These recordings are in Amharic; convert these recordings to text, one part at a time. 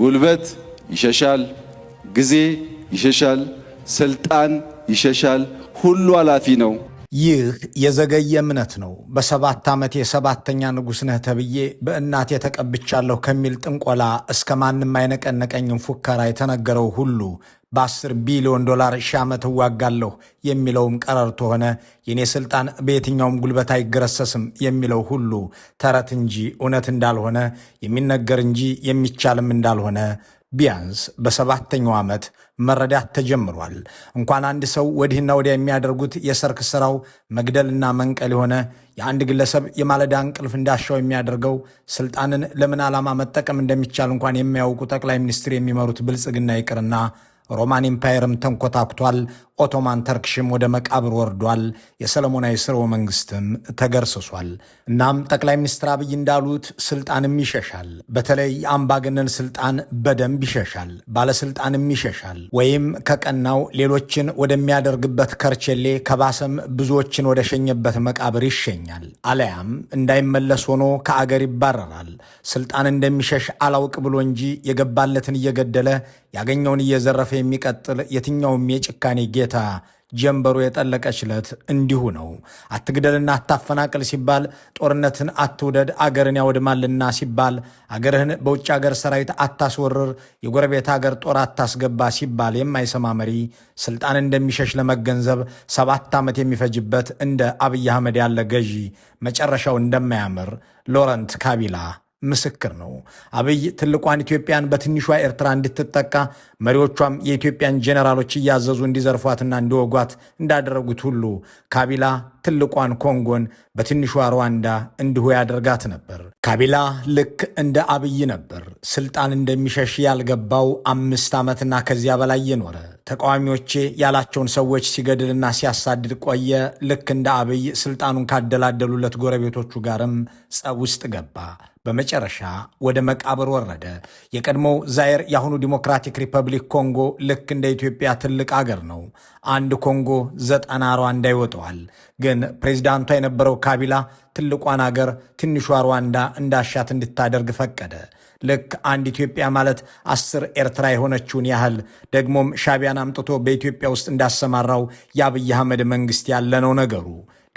ጉልበት ይሸሻል፣ ጊዜ ይሸሻል፣ ስልጣን ይሸሻል። ሁሉ ኃላፊ ነው። ይህ የዘገየ እምነት ነው። በሰባት ዓመት የሰባተኛ ንጉሥ ነህ ተብዬ በእናት የተቀብቻለሁ ከሚል ጥንቆላ እስከ ማንም አይነቀነቀኝም ፉከራ የተነገረው ሁሉ በ10 ቢሊዮን ዶላር ሺህ ዓመት እዋጋለሁ የሚለውም ቀረርቶ ሆነ የኔ ስልጣን በየትኛውም ጉልበት አይገረሰስም የሚለው ሁሉ ተረት እንጂ እውነት እንዳልሆነ የሚነገር እንጂ የሚቻልም እንዳልሆነ ቢያንስ በሰባተኛው ዓመት መረዳት ተጀምሯል። እንኳን አንድ ሰው ወዲህና ወዲያ የሚያደርጉት የሰርክ ስራው መግደልና መንቀል የሆነ የአንድ ግለሰብ የማለዳ እንቅልፍ እንዳሻው የሚያደርገው ስልጣንን ለምን ዓላማ መጠቀም እንደሚቻል እንኳን የሚያውቁ ጠቅላይ ሚኒስትር የሚመሩት ብልጽግና ይቅርና ሮማን ኢምፓየርም ተንኮታኩቷል። ኦቶማን ተርክሽም ወደ መቃብር ወርዷል። የሰለሞናዊ ስርወ መንግስትም ተገርስሷል። እናም ጠቅላይ ሚኒስትር አብይ እንዳሉት ስልጣንም ይሸሻል። በተለይ የአምባገነን ስልጣን በደንብ ይሸሻል። ባለስልጣንም ይሸሻል። ወይም ከቀናው ሌሎችን ወደሚያደርግበት ከርቸሌ ከባሰም ብዙዎችን ወደሸኘበት መቃብር ይሸኛል። አለያም እንዳይመለስ ሆኖ ከአገር ይባረራል። ስልጣን እንደሚሸሽ አላውቅ ብሎ እንጂ የገባለትን እየገደለ ያገኘውን እየዘረፈ የሚቀጥል የትኛውም የጭካኔ ጌታ ጀንበሩ የጠለቀችለት እንዲሁ ነው። አትግደልና አታፈናቅል ሲባል፣ ጦርነትን አትውደድ አገርን ያወድማልና ሲባል፣ አገርህን በውጭ አገር ሰራዊት አታስወርር የጎረቤት አገር ጦር አታስገባ ሲባል የማይሰማ መሪ ስልጣን እንደሚሸሽ ለመገንዘብ ሰባት ዓመት የሚፈጅበት እንደ አብይ አህመድ ያለ ገዢ መጨረሻው እንደማያምር ሎረንት ካቢላ ምስክር ነው። አብይ ትልቋን ኢትዮጵያን በትንሿ ኤርትራ እንድትጠቃ መሪዎቿም የኢትዮጵያን ጄኔራሎች እያዘዙ እንዲዘርፏትና እንዲወጓት እንዳደረጉት ሁሉ ካቢላ ትልቋን ኮንጎን በትንሿ ሩዋንዳ እንዲሁ ያደርጋት ነበር። ካቢላ ልክ እንደ አብይ ነበር። ስልጣን እንደሚሸሽ ያልገባው አምስት ዓመትና ከዚያ በላይ የኖረ ተቃዋሚዎቼ ያላቸውን ሰዎች ሲገድልና ሲያሳድድ ቆየ። ልክ እንደ አብይ ስልጣኑን ካደላደሉለት ጎረቤቶቹ ጋርም ጸብ ውስጥ ገባ። በመጨረሻ ወደ መቃብር ወረደ። የቀድሞው ዛይር የአሁኑ ዲሞክራቲክ ሪፐብሊክ ኮንጎ ልክ እንደ ኢትዮጵያ ትልቅ አገር ነው። አንድ ኮንጎ ዘጠና ሩዋንዳ ይወጠዋል። ግን ፕሬዚዳንቷ የነበረው ካቢላ ትልቋን አገር ትንሿ ሩዋንዳ እንዳሻት እንድታደርግ ፈቀደ። ልክ አንድ ኢትዮጵያ ማለት አስር ኤርትራ የሆነችውን ያህል ደግሞም ሻቢያን አምጥቶ በኢትዮጵያ ውስጥ እንዳሰማራው የአብይ አህመድ መንግስት ያለ ነው ነገሩ።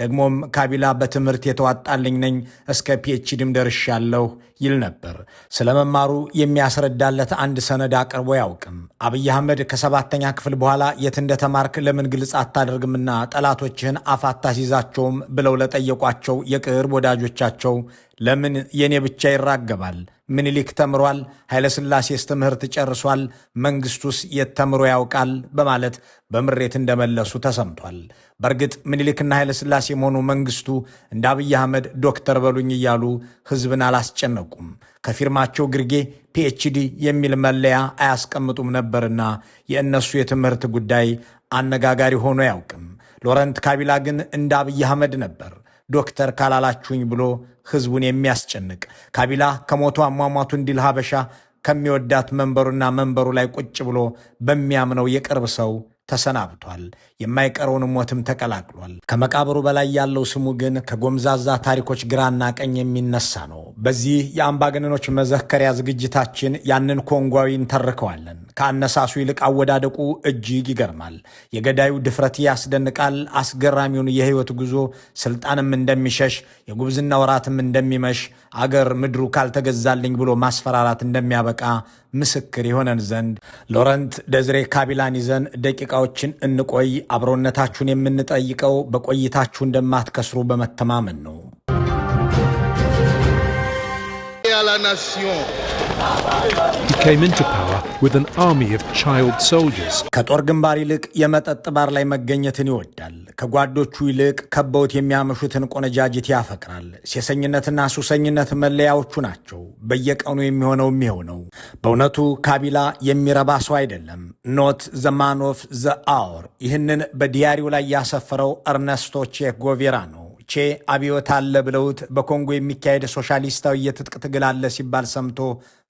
ደግሞም ካቢላ በትምህርት የተዋጣልኝ ነኝ እስከ ፒኤችዲም ደርሻለሁ ይል ነበር። ስለ መማሩ የሚያስረዳለት አንድ ሰነድ አቅርቦ አያውቅም። አብይ አህመድ ከሰባተኛ ክፍል በኋላ የት እንደተማርክ ለምን ግልጽ አታደርግምና ጠላቶችህን አፋታ ሲዛቸውም ብለው ለጠየቋቸው የቅርብ ወዳጆቻቸው ለምን የእኔ ብቻ ይራገባል ምኒልክ ተምሯል፣ ኃይለሥላሴስ ትምህርት ጨርሷል፣ መንግሥቱስ የት ተምሮ ያውቃል በማለት በምሬት እንደመለሱ ተሰምቷል። በእርግጥ ምኒልክና ኃይለሥላሴ መሆኑ መንግሥቱ እንደ አብይ አህመድ ዶክተር በሉኝ እያሉ ሕዝብን አላስጨነቁም። ከፊርማቸው ግርጌ ፒኤችዲ የሚል መለያ አያስቀምጡም ነበርና የእነሱ የትምህርት ጉዳይ አነጋጋሪ ሆኖ አያውቅም። ሎረንት ካቢላ ግን እንደ አብይ አህመድ ነበር። ዶክተር ካላላችሁኝ ብሎ ህዝቡን የሚያስጨንቅ ካቢላ ከሞቱ አሟሟቱ እንዲል ሀበሻ ከሚወዳት መንበሩና መንበሩ ላይ ቁጭ ብሎ በሚያምነው የቅርብ ሰው ተሰናብቷል። የማይቀረውን ሞትም ተቀላቅሏል። ከመቃብሩ በላይ ያለው ስሙ ግን ከጎምዛዛ ታሪኮች ግራና ቀኝ የሚነሳ ነው። በዚህ የአምባገነኖች መዘከሪያ ዝግጅታችን ያንን ኮንጓዊ እንተርከዋለን። ከአነሳሱ ይልቅ አወዳደቁ እጅግ ይገርማል። የገዳዩ ድፍረት ያስደንቃል። አስገራሚውን የህይወት ጉዞ ስልጣንም እንደሚሸሽ የጉብዝና ወራትም እንደሚመሽ አገር ምድሩ ካልተገዛልኝ ብሎ ማስፈራራት እንደሚያበቃ ምስክር የሆነን ዘንድ ሎረንት ደዝሬ ካቢላን ይዘን ደቂቃዎችን እንቆይ። አብሮነታችሁን የምንጠይቀው በቆይታችሁ እንደማትከስሩ በመተማመን ነው። ከጦር ግንባር ይልቅ የመጠጥ ባር ላይ መገኘትን ይወዳል። ከጓዶቹ ይልቅ ከበውት የሚያመሹትን ቆነጃጅት ያፈቅራል። ሴሰኝነትና ሱሰኝነት መለያዎቹ ናቸው። በየቀኑ የሚሆነው የሚሆነው ነው። በእውነቱ ካቢላ የሚረባ ሰው አይደለም። ኖት ዘ ማን ኦፍ ዘ አወር። ይህንን በዲያሪው ላይ ያሰፈረው እርነስቶ ቼ ጎቬራ ነው። ቼ አብዮት አለ ብለውት በኮንጎ የሚካሄድ ሶሻሊስታዊ የትጥቅ ትግል አለ ሲባል ሰምቶ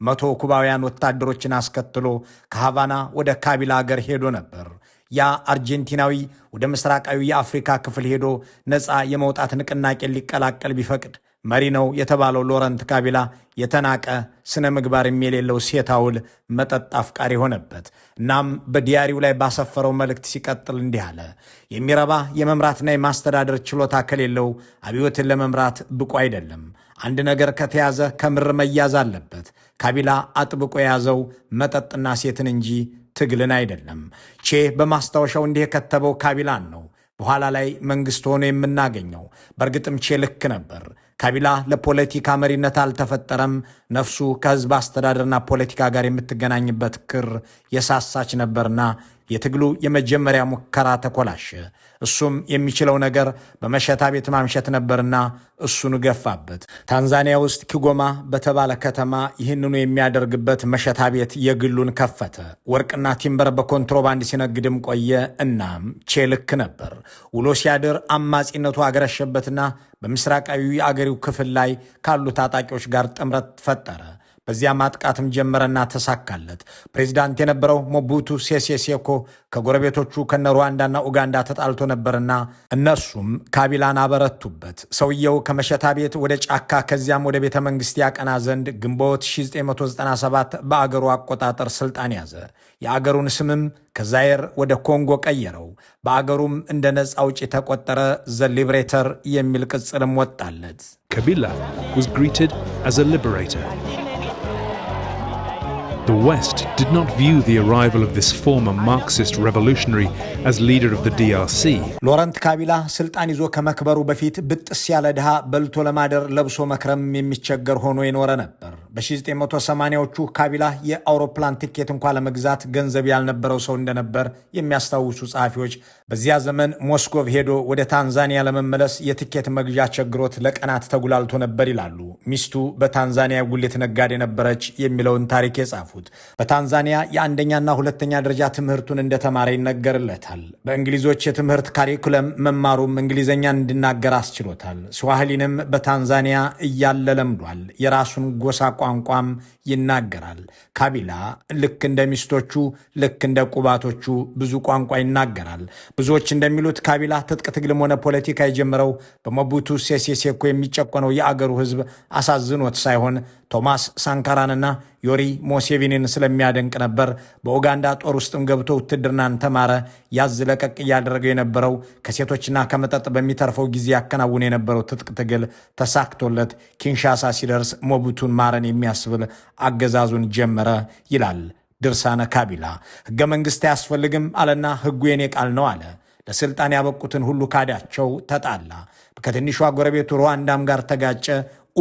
መቶ ኩባውያን ወታደሮችን አስከትሎ ከሃቫና ወደ ካቢላ አገር ሄዶ ነበር። ያ አርጀንቲናዊ ወደ ምስራቃዊ የአፍሪካ ክፍል ሄዶ ነፃ የመውጣት ንቅናቄ ሊቀላቀል ቢፈቅድ መሪ ነው የተባለው ሎረንት ካቢላ የተናቀ ስነ ምግባር የሌለው ሴት አውል መጠጥ አፍቃሪ ሆነበት። እናም በዲያሪው ላይ ባሰፈረው መልእክት ሲቀጥል እንዲህ አለ። የሚረባ የመምራትና የማስተዳደር ችሎታ ከሌለው አብዮትን ለመምራት ብቁ አይደለም። አንድ ነገር ከተያዘ ከምር መያዝ አለበት። ካቢላ አጥብቆ የያዘው መጠጥና ሴትን እንጂ ትግልን አይደለም። ቼ በማስታወሻው እንዲህ የከተበው ካቢላን ነው በኋላ ላይ መንግስት ሆኖ የምናገኘው። በእርግጥም ቼ ልክ ነበር። ካቢላ ለፖለቲካ መሪነት አልተፈጠረም። ነፍሱ ከህዝብ አስተዳደርና ፖለቲካ ጋር የምትገናኝበት ክር የሳሳች ነበርና የትግሉ የመጀመሪያ ሙከራ ተኮላሸ። እሱም የሚችለው ነገር በመሸታ ቤት ማምሸት ነበርና እሱን ገፋበት። ታንዛኒያ ውስጥ ኪጎማ በተባለ ከተማ ይህንኑ የሚያደርግበት መሸታ ቤት የግሉን ከፈተ። ወርቅና ቲምበር በኮንትሮባንድ ሲነግድም ቆየ። እናም ቼልክ ነበር። ውሎ ሲያድር አማጺነቱ አገረሸበትና በምስራቃዊ የአገሪው ክፍል ላይ ካሉ ታጣቂዎች ጋር ጥምረት ፈጠረ። በዚያ ማጥቃትም ጀመረና ተሳካለት። ፕሬዚዳንት የነበረው ሞቡቱ ሴሴ ሴኮ ከጎረቤቶቹ ከነ ሩዋንዳና ኡጋንዳ ተጣልቶ ነበርና እነሱም ካቢላን አበረቱበት። ሰውየው ከመሸታ ቤት ወደ ጫካ ከዚያም ወደ ቤተ መንግስት ያቀና ዘንድ ግንቦት 1997 በአገሩ አቆጣጠር ስልጣን ያዘ። የአገሩን ስምም ከዛይር ወደ ኮንጎ ቀየረው። በአገሩም እንደ ነፃ አውጪ ተቆጠረ። ዘ ሊብሬተር የሚል ቅጽልም ወጣለት። ካቢላ was greeted as The West did not view the arrival of this former Marxist revolutionary as leader of the DRC. ሎረንት ካቢላ ስልጣን ይዞ ከመክበሩ በፊት ብጥስ ያለ ድሃ በልቶ ለማደር ለብሶ መክረም የሚቸገር ሆኖ የኖረ ነበር። በ1980ዎቹ ካቢላ የአውሮፕላን ቲኬት እንኳ ለመግዛት ገንዘብ ያልነበረው ሰው እንደነበር የሚያስታውሱ ጸሐፊዎች በዚያ ዘመን ሞስኮቭ ሄዶ ወደ ታንዛኒያ ለመመለስ የትኬት መግዣ ቸግሮት ለቀናት ተጉላልቶ ነበር ይላሉ ሚስቱ በታንዛኒያ ጉሌት ነጋዴ ነበረች የሚለውን ታሪክ የጻፉ ያለፉት። በታንዛኒያ የአንደኛና ሁለተኛ ደረጃ ትምህርቱን እንደተማረ ይነገርለታል። በእንግሊዞች የትምህርት ካሪኩለም መማሩም እንግሊዝኛ እንዲናገር አስችሎታል። ስዋህሊንም በታንዛኒያ እያለ ለምዷል። የራሱን ጎሳ ቋንቋም ይናገራል። ካቢላ ልክ እንደ ሚስቶቹ ልክ እንደ ቁባቶቹ ብዙ ቋንቋ ይናገራል። ብዙዎች እንደሚሉት ካቢላ ትጥቅ ትግልም ሆነ ፖለቲካ የጀመረው በሞቡቱ ሴሴሴኮ የሚጨቆነው የአገሩ ህዝብ አሳዝኖት ሳይሆን ቶማስ ሳንካራንና ዮሪ ሞሴቪኒን ስለሚያደንቅ ነበር። በኡጋንዳ ጦር ውስጥም ገብቶ ውትድርናን ተማረ። ያዝ ለቀቅ እያደረገው የነበረው ከሴቶችና ከመጠጥ በሚተርፈው ጊዜ ያከናውን የነበረው ትጥቅ ትግል ተሳክቶለት ኪንሻሳ ሲደርስ ሞቡቱን ማረን የሚያስብል አገዛዙን ጀመረ ይላል ድርሳነ ካቢላ። ሕገ መንግሥት አያስፈልግም አለና ሕጉ የኔ ቃል ነው አለ። ለስልጣን ያበቁትን ሁሉ ካዳቸው፣ ተጣላ። ከትንሿ ጎረቤቱ ሩዋንዳም ጋር ተጋጨ።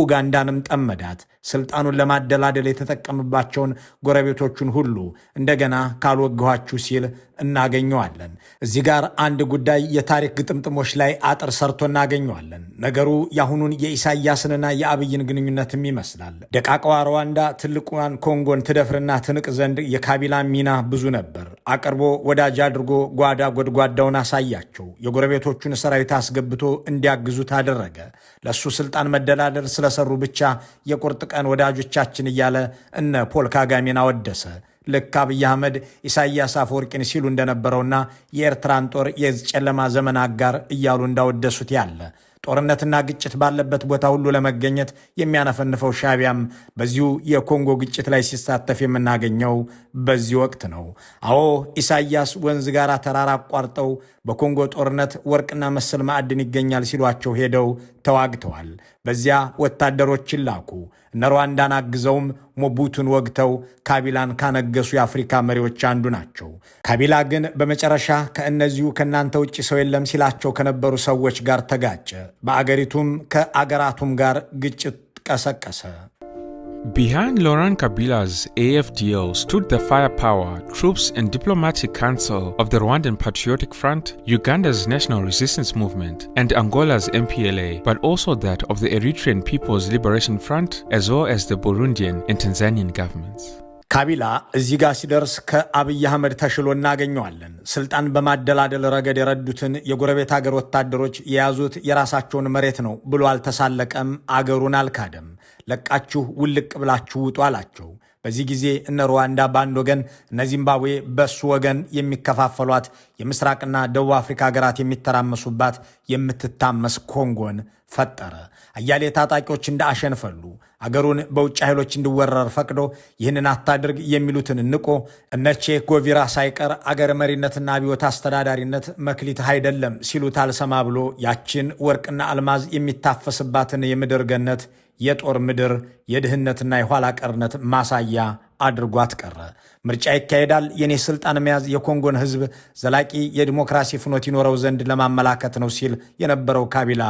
ኡጋንዳንም ጠመዳት። ስልጣኑን ለማደላደል የተጠቀምባቸውን ጎረቤቶቹን ሁሉ እንደገና ካልወግኋችሁ ሲል እናገኘዋለን። እዚህ ጋር አንድ ጉዳይ የታሪክ ግጥምጥሞች ላይ አጥር ሰርቶ እናገኘዋለን። ነገሩ የአሁኑን የኢሳያስንና የአብይን ግንኙነትም ይመስላል። ደቃቀዋ ሩዋንዳ ትልቋን ኮንጎን ትደፍርና ትንቅ ዘንድ የካቢላ ሚና ብዙ ነበር። አቅርቦ ወዳጅ አድርጎ ጓዳ ጎድጓዳውን አሳያቸው። የጎረቤቶቹን ሰራዊት አስገብቶ እንዲያግዙት አደረገ። ለእሱ ስልጣን መደላደል ስለሰሩ ብቻ የቁርጥ ቀን ወዳጆቻችን እያለ እነ ፖል ካጋሜን አወደሰ። ልክ አብይ አህመድ ኢሳያስ አፈወርቂን ሲሉ እንደነበረውና የኤርትራን ጦር የጨለማ ዘመን አጋር እያሉ እንዳወደሱት ያለ ጦርነትና ግጭት ባለበት ቦታ ሁሉ ለመገኘት የሚያነፈንፈው ሻቢያም በዚሁ የኮንጎ ግጭት ላይ ሲሳተፍ የምናገኘው በዚህ ወቅት ነው። አዎ ኢሳያስ ወንዝ ጋር ተራራ አቋርጠው በኮንጎ ጦርነት ወርቅና መሰል ማዕድን ይገኛል ሲሏቸው ሄደው ተዋግተዋል። በዚያ ወታደሮች ይላኩ። እነ ሩዋንዳን አግዘውም ሞቡቱን ወግተው ካቢላን ካነገሱ የአፍሪካ መሪዎች አንዱ ናቸው። ካቢላ ግን በመጨረሻ ከእነዚሁ ከእናንተ ውጭ ሰው የለም ሲላቸው ከነበሩ ሰዎች ጋር ተጋጨ። በአገሪቱም ከአገራቱም ጋር ግጭት ቀሰቀሰ። Behind Laurent Kabila's AFDL stood the firepower, troops, and diplomatic council of the Rwandan Patriotic Front, Uganda's National Resistance Movement, and Angola's MPLA, but also that of the Eritrean People's Liberation Front, as well as the Burundian and Tanzanian governments. ካቢላ እዚህ ጋር ሲደርስ ከአብይ አህመድ ተሽሎ እናገኘዋለን። ስልጣን በማደላደል ረገድ የረዱትን የጎረቤት አገር ወታደሮች የያዙት የራሳቸውን መሬት ነው ብሎ አልተሳለቀም፣ አገሩን አልካደም። ለቃችሁ ውልቅ ብላችሁ ውጡ አላቸው። በዚህ ጊዜ እነ ሩዋንዳ በአንድ ወገን፣ እነ ዚምባብዌ በሱ ወገን የሚከፋፈሏት የምስራቅና ደቡብ አፍሪካ ሀገራት የሚተራመሱባት የምትታመስ ኮንጎን ፈጠረ። አያሌ ታጣቂዎች እንደ አሸን ፈሉ። አገሩን በውጭ ኃይሎች እንዲወረር ፈቅዶ ይህንን አታድርግ የሚሉትን ንቆ እነ ቼክ ጎቪራ ሳይቀር አገር መሪነትና አብዮት አስተዳዳሪነት መክሊት አይደለም ሲሉት አልሰማ ብሎ ያችን ወርቅና አልማዝ የሚታፈስባትን የምድር ገነት የጦር ምድር የድህነትና የኋላ ቀርነት ማሳያ አድርጓት ቀረ። ምርጫ ይካሄዳል፣ የኔ ስልጣን መያዝ የኮንጎን ህዝብ ዘላቂ የዲሞክራሲ ፍኖት ይኖረው ዘንድ ለማመላከት ነው ሲል የነበረው ካቢላ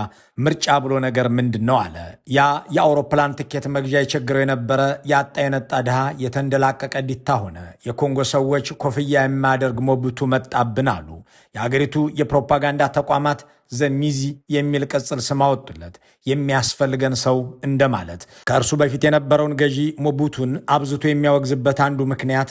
ምርጫ ብሎ ነገር ምንድን ነው አለ። ያ የአውሮፕላን ትኬት መግዣ የቸግረው የነበረ ያጣ የነጣ ድሃ የተንደላቀቀ ዲታ ሆነ። የኮንጎ ሰዎች ኮፍያ የማያደርግ ሞብቱ መጣብን አሉ። የአገሪቱ የፕሮፓጋንዳ ተቋማት ዘሚዚ የሚል ቅጽል ስም አወጡለት። የሚያስፈልገን ሰው እንደማለት። ከእርሱ በፊት የነበረውን ገዢ ሞቡቱን አብዝቶ የሚያወ የሚወግዝበት አንዱ ምክንያት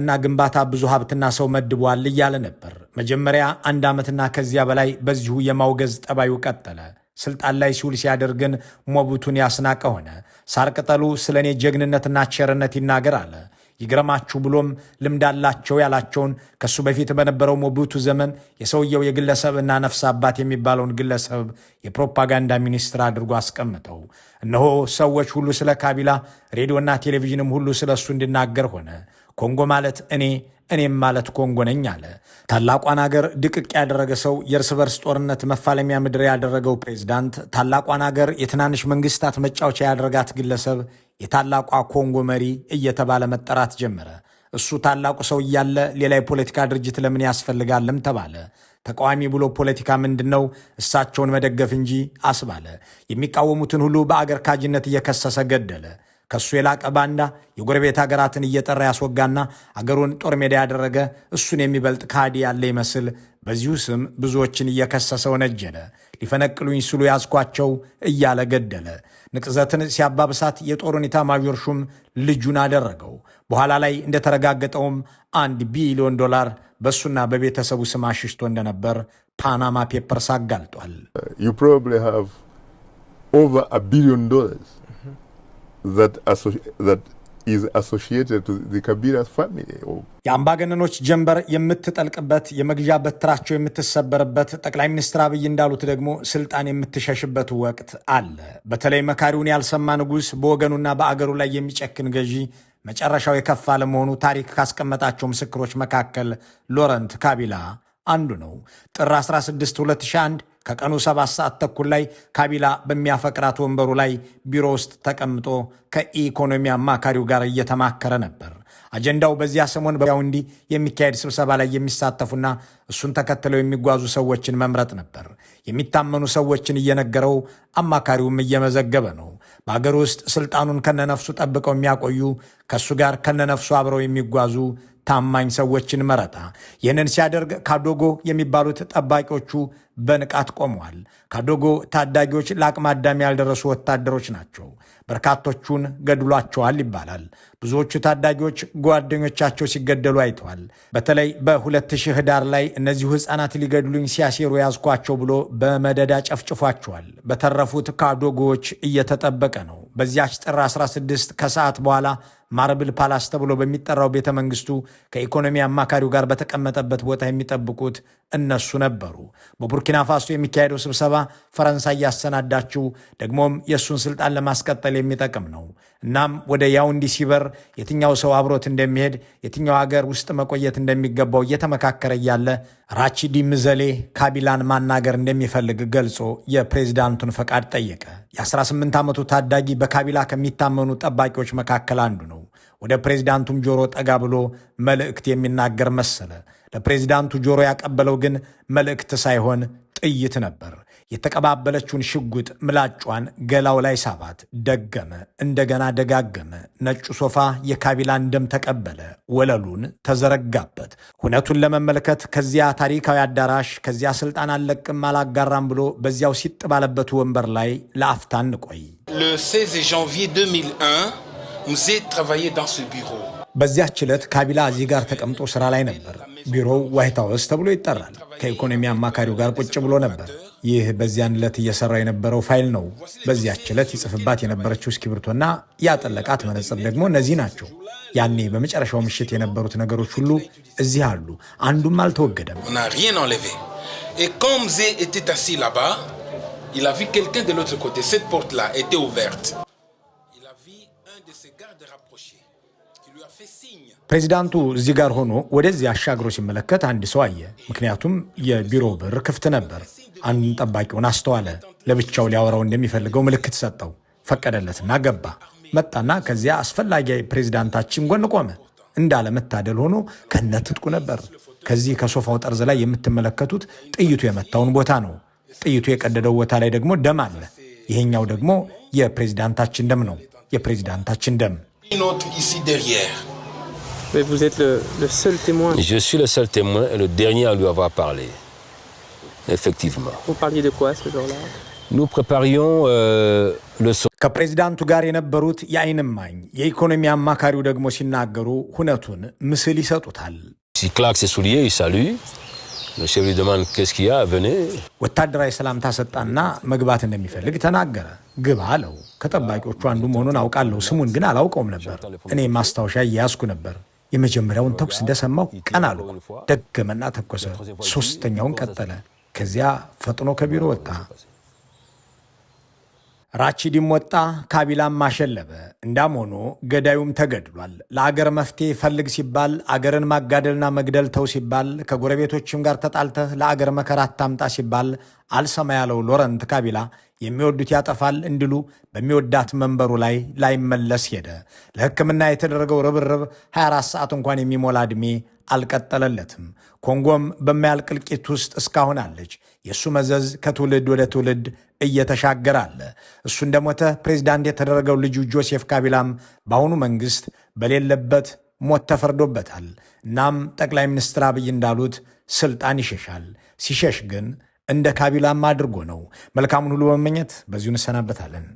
እና ግንባታ ብዙ ሀብትና ሰው መድቧል እያለ ነበር። መጀመሪያ አንድ ዓመትና ከዚያ በላይ በዚሁ የማውገዝ ጠባዩ ቀጠለ። ስልጣን ላይ ሲውል ሲያደርግን ሞቡቱን ያስናቀ ሆነ። ሳር ቅጠሉ ስለ እኔ ጀግንነትና ቸርነት ይናገር አለ። ይግረማችሁ ብሎም ልምድ አላቸው ያላቸውን ከሱ በፊት በነበረው ሞቡቱ ዘመን የሰውየው የግለሰብ እና ነፍስ አባት የሚባለውን ግለሰብ የፕሮፓጋንዳ ሚኒስትር አድርጎ አስቀምጠው፣ እነሆ ሰዎች ሁሉ ስለ ካቢላ ሬዲዮና ቴሌቪዥንም ሁሉ ስለ እሱ እንዲናገር ሆነ። ኮንጎ ማለት እኔ እኔም ማለት ኮንጎ ነኝ አለ። ታላቋን አገር ድቅቅ ያደረገ ሰው፣ የእርስ በርስ ጦርነት መፋለሚያ ምድር ያደረገው ፕሬዝዳንት፣ ታላቋን አገር የትናንሽ መንግስታት መጫወቻ ያደረጋት ግለሰብ የታላቋ ኮንጎ መሪ እየተባለ መጠራት ጀመረ። እሱ ታላቁ ሰው እያለ ሌላ የፖለቲካ ድርጅት ለምን ያስፈልጋልም ተባለ። ተቃዋሚ ብሎ ፖለቲካ ምንድን ነው? እሳቸውን መደገፍ እንጂ አስባለ። የሚቃወሙትን ሁሉ በአገር ካጅነት እየከሰሰ ገደለ። ከእሱ የላቀ ባንዳ የጎረቤት ሀገራትን እየጠራ ያስወጋና አገሩን ጦር ሜዳ ያደረገ እሱን የሚበልጥ ካዲ ያለ ይመስል በዚሁ ስም ብዙዎችን እየከሰሰ ወነጀለ። ሊፈነቅሉኝ ስሉ ያዝኳቸው እያለ ገደለ። ንቅዘትን ሲያባብሳት ሁኔታ ማዦር ሹም ልጁን አደረገው። በኋላ ላይ እንደተረጋገጠውም አንድ ቢሊዮን ዶላር በእሱና በቤተሰቡ ስም አሽሽቶ እንደነበር ፓናማ ፔፐርስ አጋልጧል። ቢሊዮን Oh. የአምባገነኖች ጀንበር የምትጠልቅበት የመግዣ በትራቸው የምትሰበርበት፣ ጠቅላይ ሚኒስትር አብይ እንዳሉት ደግሞ ስልጣን የምትሸሽበት ወቅት አለ። በተለይ መካሪውን ያልሰማ ንጉሥ፣ በወገኑና በአገሩ ላይ የሚጨክን ገዢ መጨረሻው የከፋ ለመሆኑ ታሪክ ካስቀመጣቸው ምስክሮች መካከል ሎረንት ካቢላ አንዱ ነው። ጥር 16 2001 ከቀኑ ሰባት ሰዓት ተኩል ላይ ካቢላ በሚያፈቅራት ወንበሩ ላይ ቢሮ ውስጥ ተቀምጦ ከኢኮኖሚ አማካሪው ጋር እየተማከረ ነበር። አጀንዳው በዚያ ሰሞን በያውንዲ የሚካሄድ ስብሰባ ላይ የሚሳተፉና እሱን ተከትለው የሚጓዙ ሰዎችን መምረጥ ነበር። የሚታመኑ ሰዎችን እየነገረው አማካሪውም እየመዘገበ ነው። በአገር ውስጥ ስልጣኑን ከነነፍሱ ጠብቀው የሚያቆዩ ከእሱ ጋር ከነነፍሱ አብረው የሚጓዙ ታማኝ ሰዎችን መረጣ። ይህንን ሲያደርግ ካዶጎ የሚባሉት ጠባቂዎቹ በንቃት ቆመዋል። ካዶጎ ታዳጊዎች ለአቅመ አዳሚ ያልደረሱ ወታደሮች ናቸው። በርካቶቹን ገድሏቸዋል ይባላል። ብዙዎቹ ታዳጊዎች ጓደኞቻቸው ሲገደሉ አይተዋል። በተለይ በሁለት ሺህ ህዳር ላይ እነዚሁ ህፃናት ሊገድሉኝ ሲያሴሩ ያዝኳቸው ብሎ በመደዳ ጨፍጭፏቸዋል። በተረፉት ካዶጎዎች እየተጠበቀ ነው። በዚያች ጥር 16 ከሰዓት በኋላ ማርብል ፓላስ ተብሎ በሚጠራው ቤተ መንግስቱ ከኢኮኖሚ አማካሪው ጋር በተቀመጠበት ቦታ የሚጠብቁት እነሱ ነበሩ። በቡርኪና ፋሶ የሚካሄደው ስብሰባ ፈረንሳይ ያሰናዳችው ደግሞም የእሱን ስልጣን ለማስቀጠል የሚጠቅም ነው። እናም ወደ ያውንዲ ሲበር የትኛው ሰው አብሮት እንደሚሄድ፣ የትኛው ሀገር ውስጥ መቆየት እንደሚገባው እየተመካከረ እያለ ራቺዲ ምዘሌ ካቢላን ማናገር እንደሚፈልግ ገልጾ የፕሬዚዳንቱን ፈቃድ ጠየቀ። የ18 ዓመቱ ታዳጊ በካቢላ ከሚታመኑ ጠባቂዎች መካከል አንዱ ነው። ወደ ፕሬዚዳንቱም ጆሮ ጠጋ ብሎ መልእክት የሚናገር መሰለ። ለፕሬዚዳንቱ ጆሮ ያቀበለው ግን መልእክት ሳይሆን ጥይት ነበር። የተቀባበለችውን ሽጉጥ ምላጯን ገላው ላይ ሳባት። ደገመ፣ እንደገና ደጋገመ። ነጩ ሶፋ የካቢላን ደም ተቀበለ፣ ወለሉን ተዘረጋበት። ሁነቱን ለመመልከት ከዚያ ታሪካዊ አዳራሽ ከዚያ ስልጣን አልለቅም አላጋራም ብሎ በዚያው ሲጥ ባለበት ወንበር ላይ ለአፍታ እንቆይ። በዚያች ዕለት ካቢላ እዚህ ጋር ተቀምጦ ስራ ላይ ነበር። ቢሮው ዋይት ሃውስ ተብሎ ይጠራል። ከኢኮኖሚ አማካሪው ጋር ቁጭ ብሎ ነበር። ይህ በዚያን ዕለት እየሰራ የነበረው ፋይል ነው። በዚያች ዕለት ይጽፍባት የነበረችው እስክሪብቶና ያጠለቃት መነጽር ደግሞ እነዚህ ናቸው። ያኔ በመጨረሻው ምሽት የነበሩት ነገሮች ሁሉ እዚህ አሉ። አንዱም አልተወገደም። ፕሬዚዳንቱ እዚህ ጋር ሆኖ ወደዚህ አሻግሮ ሲመለከት አንድ ሰው አየ። ምክንያቱም የቢሮ በር ክፍት ነበር። አንዱን ጠባቂውን አስተዋለ። ለብቻው ሊያወራው እንደሚፈልገው ምልክት ሰጠው። ፈቀደለትና ገባ። መጣና ከዚያ አስፈላጊ ፕሬዚዳንታችን ጎን ቆመ። እንዳለመታደል ሆኖ ከነ ትጥቁ ነበር። ከዚህ ከሶፋው ጠርዝ ላይ የምትመለከቱት ጥይቱ የመታውን ቦታ ነው። ጥይቱ የቀደደው ቦታ ላይ ደግሞ ደም አለ። ይሄኛው ደግሞ የፕሬዚዳንታችን ደም ነው። የፕሬዚዳንታችን ደም። Je suis le seul témoin et le dernier à lui avoir parlé. effectivement. Vous parliez de quoi ce jour-là Nous préparions euh, le sort. président Tugar est venu à la maison. L'économie est venu à la maison. Il est venu à la maison. Il est venu à la maison. Il claque ses il salue. Le chef lui demande qu'est-ce qu'il y a, venez. Ouattadra et Salam Tassatana, Magbat et Nemifel, le Gitanagara, Gibalo, Katabai, Ochuan, Lumon, Aukalo, Simon Gnala, Okom Neber, et Mastaucha Yasku Neber. Il me jambera un tox de sa mok, Analo, Tekkemanatakosa, Sustenyon Katana, ከዚያ ፈጥኖ ከቢሮ ወጣ። ራቺዲም ወጣ፣ ካቢላም ማሸለበ። እንዳም ሆኖ ገዳዩም ተገድሏል። ለአገር መፍትሄ ፈልግ ሲባል አገርን ማጋደልና መግደል ተው ሲባል ከጎረቤቶችም ጋር ተጣልተህ ለአገር መከራ አታምጣ ሲባል አልሰማ ያለው ሎረንት ካቢላ የሚወዱት ያጠፋል እንዲሉ በሚወዳት መንበሩ ላይ ላይመለስ ሄደ። ለሕክምና የተደረገው ርብርብ 24 ሰዓት እንኳን የሚሞላ ዕድሜ አልቀጠለለትም። ኮንጎም በሚያልቅ እልቂት ውስጥ እስካሁን አለች። የእሱ መዘዝ ከትውልድ ወደ ትውልድ እየተሻገረ አለ። እሱ እንደሞተ ፕሬዚዳንት የተደረገው ልጁ ጆሴፍ ካቢላም በአሁኑ መንግስት በሌለበት ሞት ተፈርዶበታል። እናም ጠቅላይ ሚኒስትር አብይ እንዳሉት ስልጣን ይሸሻል። ሲሸሽ ግን እንደ ካቢላም አድርጎ ነው። መልካሙን ሁሉ በመመኘት በዚሁ እንሰናበታለን።